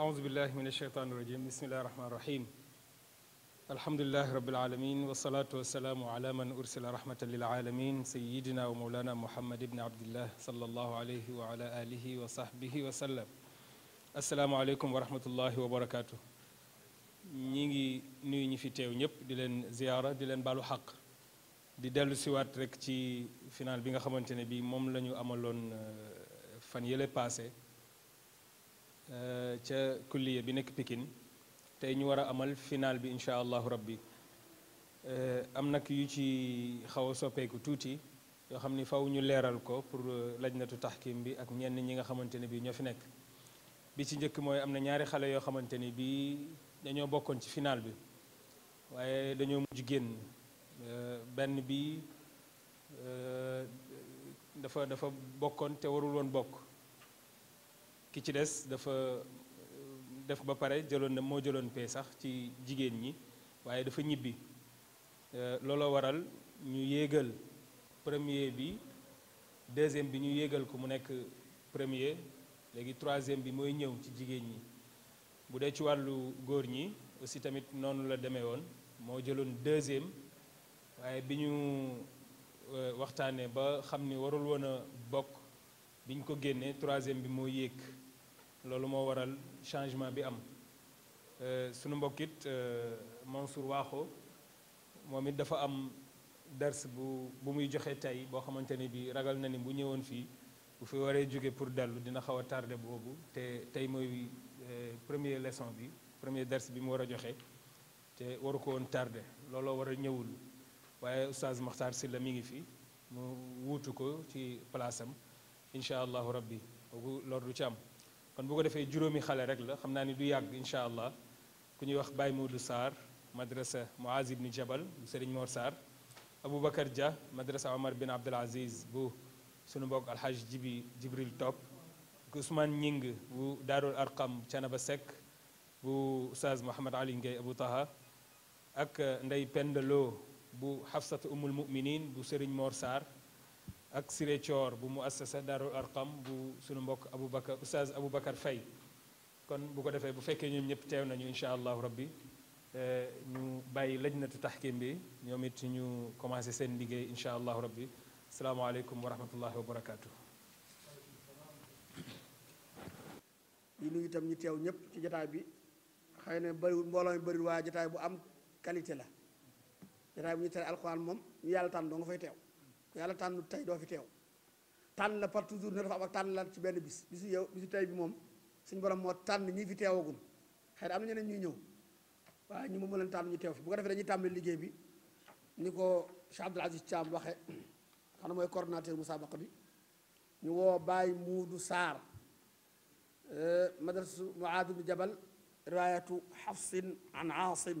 أعوذ بالله من الشيطان الرجيم بسم الله الرحمن الرحيم الحمد لله رب العالمين والصلاة والسلام على من أرسل رحمة للعالمين سيدنا ومولانا محمد بن عبد الله صلى الله عليه وعلى آله وصحبه وسلم السلام عليكم ورحمة الله وبركاته نيجي ngi nuyu ñi fi دلن ñëpp di leen ziyaara di leen baalu xaq di dellu siwaat rek ci final bi nga Euh, ca kulliya bi nekk pikin tey ñu war a amal final bi incha allahu rabbi euh, am nag yu ci xaw a soppeeku tuuti yoo xam ni faw ñu leeral ko pour euh, lajnatu taxkim bi ak ñenn ñi nga xamante ne bii ñoo fi nekk bi ci njëkk mooy am na ñaari xale yoo xamante ni bii dañoo bokkoon ci final bi waaye dañoo mujj génn benn bi dafa dafa bokkoon te warul woon bokk ki ci des dafa def ba pare jëloon na moo jëloon pee sax ci jigéen ñi waaye dafa ñibbi euh, looloo waral ñu yéegal premier bi deuxième bi ñu yéegal ko mu nekk premier léegi troisième bi mooy ñëw ci jigéen ñi bu dee ci wàllu góor ñi aussi tamit noonu la demee woon moo jëloon deuxième waaye bi ñu euh, waxtaanee ba xam ni warul woon a bokk bi ñu ko génnee troisième bi moo yéeg loolu moo waral changement bi am euh, sunu mbokkit euh, Mansour Waaxo moom it dafa am ders bu bu muy joxe tey boo xamante ni bi ragal na ni bu ñëwoon fii bu fi waree jóge pour dellu dina xaw a tardé boobu te tey mooy euh, premier leçon bi premier dars bi mu war a joxe te waru ko woon tardé looloo war a ñëwul waaye oustaz Makhtar mi ngi fi mu wuutu ko ci palaasam incha allahu rabbi loolu du ci am kon bu ko defee juróomi xale rek la xam naa ni du yàgg incha allah ku ñuy wax Baye Moudou Sarr madrasa Moaz ibn Jabal bu Serigne Mor Sarr Aboubacar Dia madrasa Omar bin Abdul Aziz bu sunu mbokk Alhaj Jibi Jibril Top ku Ousmane Ñing bu Daarul Arqam Canaba Seck bu Oustaz Mouhamad Ali Ngay Abou Taha ak Ndey Pendaloo bu Hafsatu Umul Muminin bu Serigne Mor Sarr ak Siré Thior bu mu assasa Daarul Arqam bu sunu mbokk Aboubacar oustaz Aboubacar Faye kon bu ko defee bu fekkee ñoom ñëpp teew nañu incha allahu rabbi eh, ñu bàyyi lajnatu taxkim bi ñoom it ñu commencé seen liggéey incha allah rabbi asalaamaaleykum wa rahmatullahi wa ñu teew ñëpp ci bi xëy na bëriwul mbooloo mi bëriwul waaye jotaay bu am qualité la jotaay bu ñu tere alxuraan moom ñu yàlla tànn doo nga fay teew. ku yàlla tànn tey doo fi teew tànn la par toujours ne dafa am ak tànn la ci benn bis bisu yow bisu tey bi moom suñu borom moo tànn ñii fi teewagul xëy na am na ñeneen ñuy ñëw waaye ñu moom mu leen tànn ñu teew fi bu ko defee dañuy tàmbali liggéey bi ni ko Cheikh Abdoul Aziz Thiam waxe xam na mooy coordonnateur musaabaqa bi ñu woo Baye Muudu Saar euh, madrasu Muaad ibn Jabal riwaayatu Xafsin an Aasim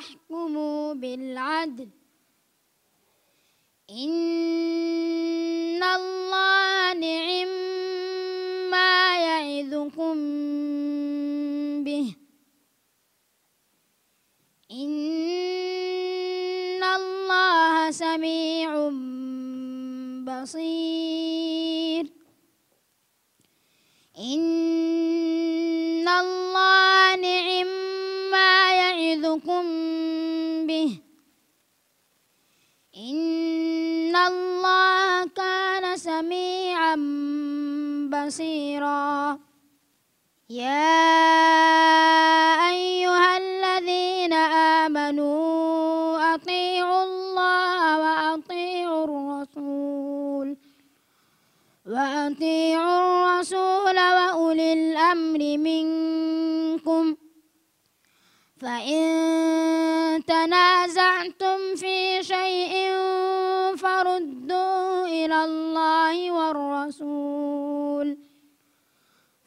واحكموا بالعدل إن الله نعم ما يعذكم به إن الله سميع بصير بصيرا يا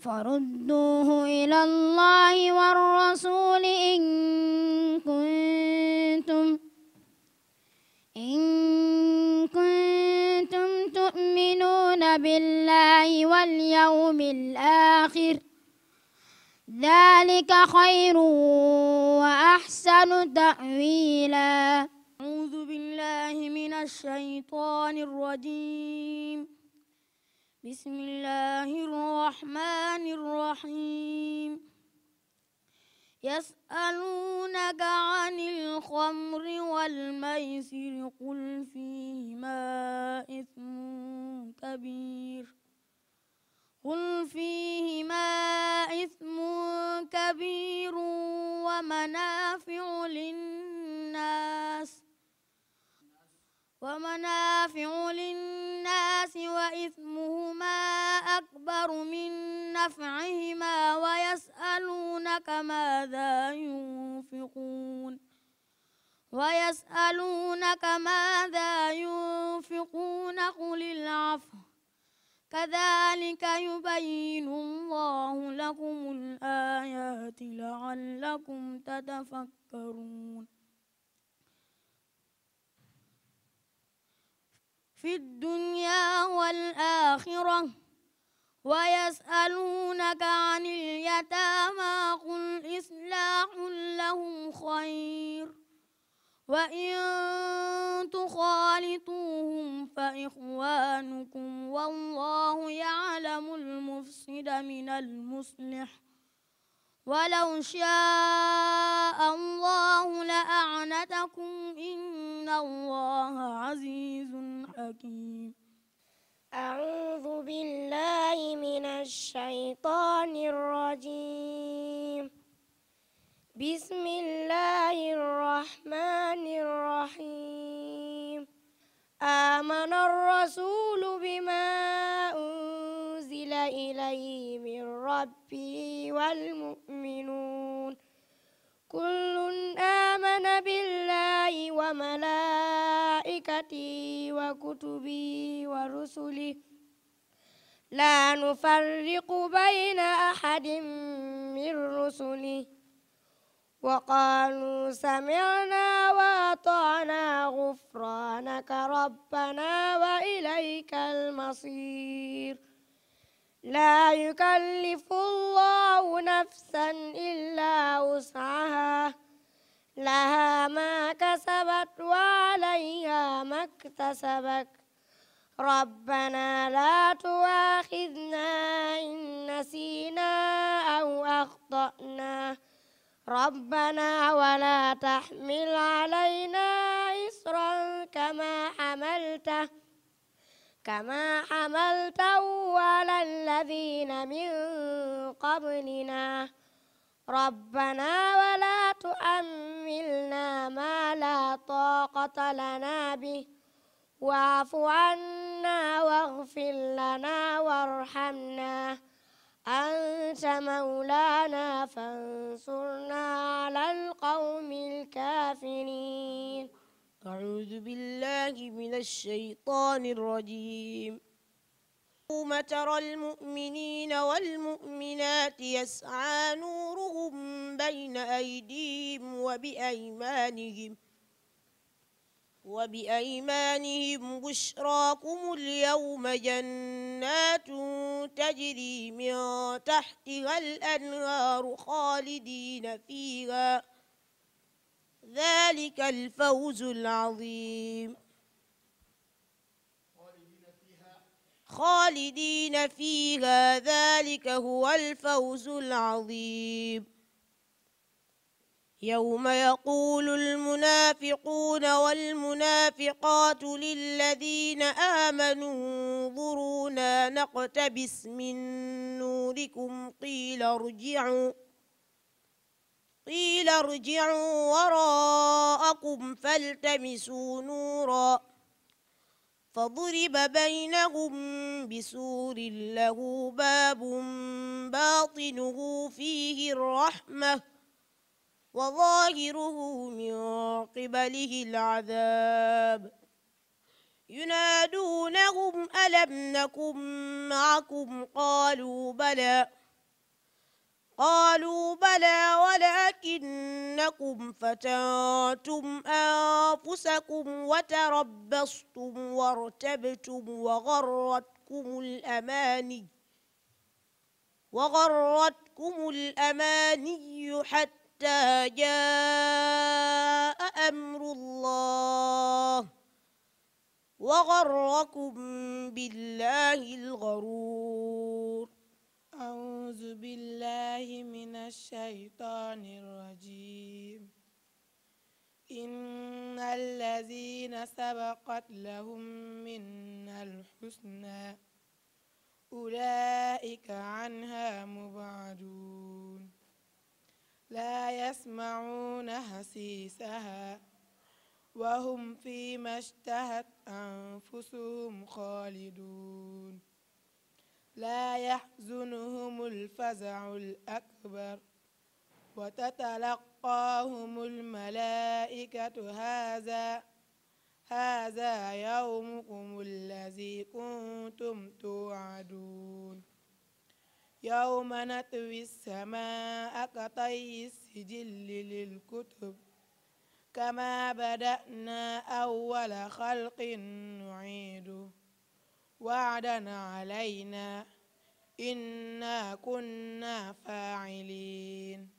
فردوه إلى الله والرسول إن كنتم إن كنتم تؤمنون بالله واليوم الآخر ذلك خير وأحسن تأويلا أعوذ بالله من الشيطان الرجيم بسم الله الرحمن يسألونك عن الخمر والميسر قل فيهما إثم كبير قل فيهما إثم كبير ومنافع للناس ومنافع للناس وإثمهما أكبر من نفعهما ويسألونك ما تتفكرون في الدنيا والآخرة ويسألونك عن اليتامى قل إصلاح لهم خير وإن تخالطوهم فإخوانكم والله يعلم المفسد من المصلح ولو شاء الله لأعنتكم إن الله عزيز حكيم أعوذ بالله من الشيطان الرجيم بسم الله الرحمن الرحيم آمن الرسول بما أنزل إليه من ربه والمؤمنين يؤمنون كل آمن بالله وملائكته وكتبه ورسله لا نفرق بين أحد من رسله وقالوا سمعنا وأطعنا غفرانك ربنا وإليك المصير لا يكلف الله نفسا إلا وسعها لها ما كسبت وعليها ما اكتسبت ربنا لا تؤاخذنا إن نسينا أو أخطأنا ربنا ولا تحمل علينا إصرا كما حملته كما حملت على الذين من قبلنا ربنا ولا تؤملنا ما لا طاقة لنا به واعف عنا واغفر لنا وارحمنا أنت مولانا فانصرنا على القوم الكافرين أعوذ بالله من الشيطان الرجيم يوم ترى المؤمنين والمؤمنات يسعى نورهم بين أيديهم وبأيمانهم وبأيمانهم بشراكم اليوم جنات تجري من تحتها الأنهار خالدين فيها ذلك الفوز العظيم خالدين فيها ذلك هو الفوز العظيم يوم يقول المنافقون والمنافقات للذين آمنوا انظرونا نقتبس من نوركم قيل ارجعوا قيل ارجعوا وراءكم فالتمسوا نورا فضرب بينهم بسور له باب باطنه فيه الرحمة وظاهره من قبله العذاب ينادونهم ألم نكن معكم قالوا بلى قالوا بلى ولكنكم فتنتم أنفسكم وتربصتم وارتبتم وغرتكم الأماني وغرتكم الأماني حتى جاء أمر الله وغركم بالله الغرور أعوذ بالله من الشيطان الرجيم إن الذين سبقت لهم منا الحسنى أولئك عنها مبعدون لا يسمعون حسيسها وهم فيما اشتهت أنفسهم خالدون لا يحزنهم الفزع الأكبر وتتلقاهم الملائكة هذا هذا يومكم الذي كنتم توعدون يوم نطوي السماء كطي السجل للكتب كما بدأنا أول خلق نعيده وعدا علينا إنا كنا فاعلين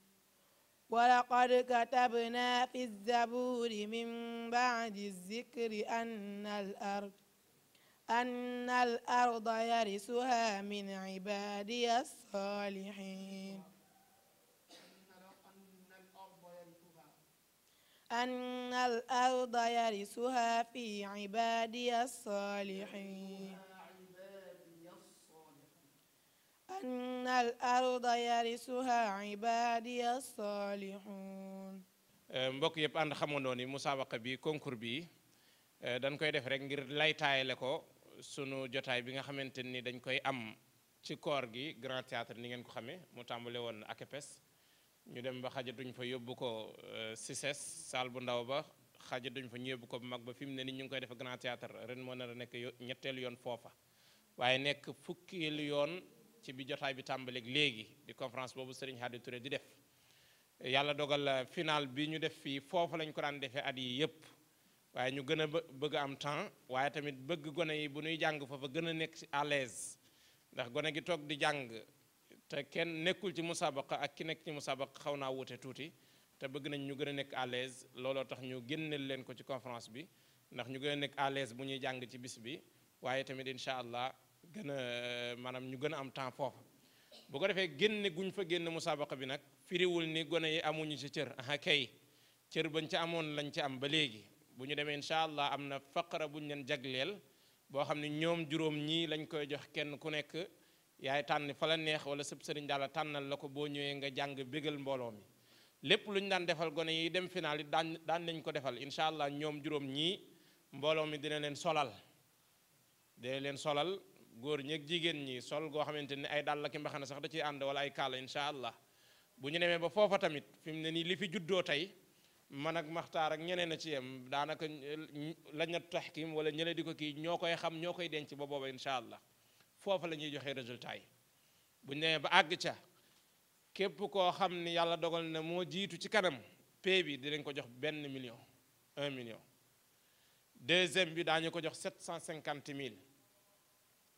ولقد كتبنا في الزبور من بعد الذكر أن الأرض أن الأرض يرثها من عبادي الصالحين أن الأرض يرثها في عبادي الصالحين وأن الأرض يرثها عبادي الصالحون eh, mbokk yëpp ànd xamandoo ni musaabaqa bi concours bi eh, dañ koy def rek ngir laytaayale ko sunu jotaay bi nga xamante dañ koy am ci koor gi grand théâtre ni ngeen ko xamee mu tàmbale woon akepes ñu dem ba xajatuñ fa yóbbu ko eh, sises saal bu ndaw ba xajatuñ fa ñu yóbbu ko mag ba fi ne ni ñu koy def grand théâtre ren moo nar a nekk ñetteelu yoon foofa waaye nekk fukkeelu yoon ci bi jotaay bi tàmbaleeg léegi di conférence boobu Serigne Hadi Touré di def yàlla dogal euh, final bi ñu def fii foofu lañ ko daan defee at yi yëpp waaye ñu gën a bëgg am temps waaye tamit bëgg gone yi bu ñuy jàng foofa gën a nekk ci à l'aise ndax gone gi toog di jàng te kenn nekkul ci musabaqa ak ki nekk ci musabaqa xaw naa wuute tuuti te bëgg nañ ñu gën a nekk à l'aise looloo tax ñu génneel leen ko ci conférence bi ndax ñu gën a nekk à l'aise bu ñuy jàng ci bis bi waaye tamit incha allah gën a maanaam ñu gën a am temps foofu bu ko defee génne guñ fa génn musaabaqa bi nag firiwul ni gone yi amuñu ci cër aha kay cër bañ ci amoon lañ ci am ba léegi bu ñu demee incha allah am na faqara buñ leen jagleel boo xam ne ñoom juróom lañ koy jox kenn ku nekk yaay tànn fa la neex wala sëb sëriñ daal tànnal la ko boo ñëwee nga jàng bégal mbooloo mi lépp lu ñu daan defal gone yi dem final yi daan daan nañ ko defal incha allah ñoom juróom ñii mbooloo mi dina leen solal dina leen solal góor ñeeg jigéen ñi sol goo xamante ni ay dàll ki mbaxana sax da ciy ànd wala ay kaala incha allah bu ñu demee ba foofa tamit fi mu ne nii li fi juddoo tey man ak maxtaar ak ñeneen a ci yem daanaka lañ na taxkim wala ñële di ko kii ñoo koy xam ñoo koy denc ba booba incha allah foofa la ñuy joxe résultat yi bu ñu ba àgg ca képp koo xam ni yàlla dogal na moo jiitu ci kanam pay bi dinañ ko jox benn million un million deuxième bi daa ñu ko jox sept cent cinquante mille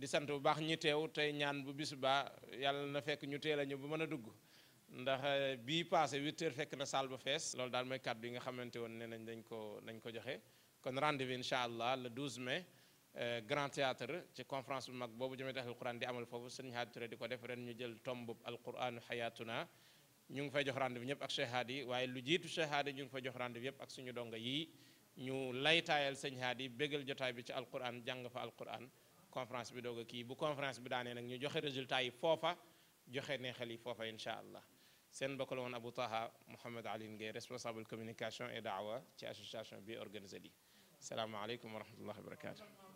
di sant bu baax ñu teew tey ñaan bu bis ba yàlla na fekk ñu teel a ñëw bu mën a dugg ndax euh, bii passé huit heures fekk na salle ba fees loolu daal mooy kàddu yi nga xamante woon ne nañ dañ ko dañ ko joxe kon rendez-vous incha allah le 12 mai euh, grand théâtre ci confrance bu mag boobu jëmee al quran di amal foofu sëñ Haadi Touré di ko def ren ñu jël tomb alquranu xayaatuna ñu ngi fay jox rendez-vous ñëpp ak Cheikh Haadi waaye lu jiitu Cheikh Haadi ñu ngi fay jox yëpp ak suñu donga yii ñu laytaayal sëñ Haadi bégal jotaay bi ci al alquran jàng fa alquran conférence bi doog a kii bu conférence bi daanee nag ñu joxe résultat yi foofa joxe neexal yi foofa incha allah seen bokk woon Abou Taha Mouhamed ali Gueye responsable communication et dawa ci association bi organisé lii salaamaaleykum wa rahmatullahi wa barakatuh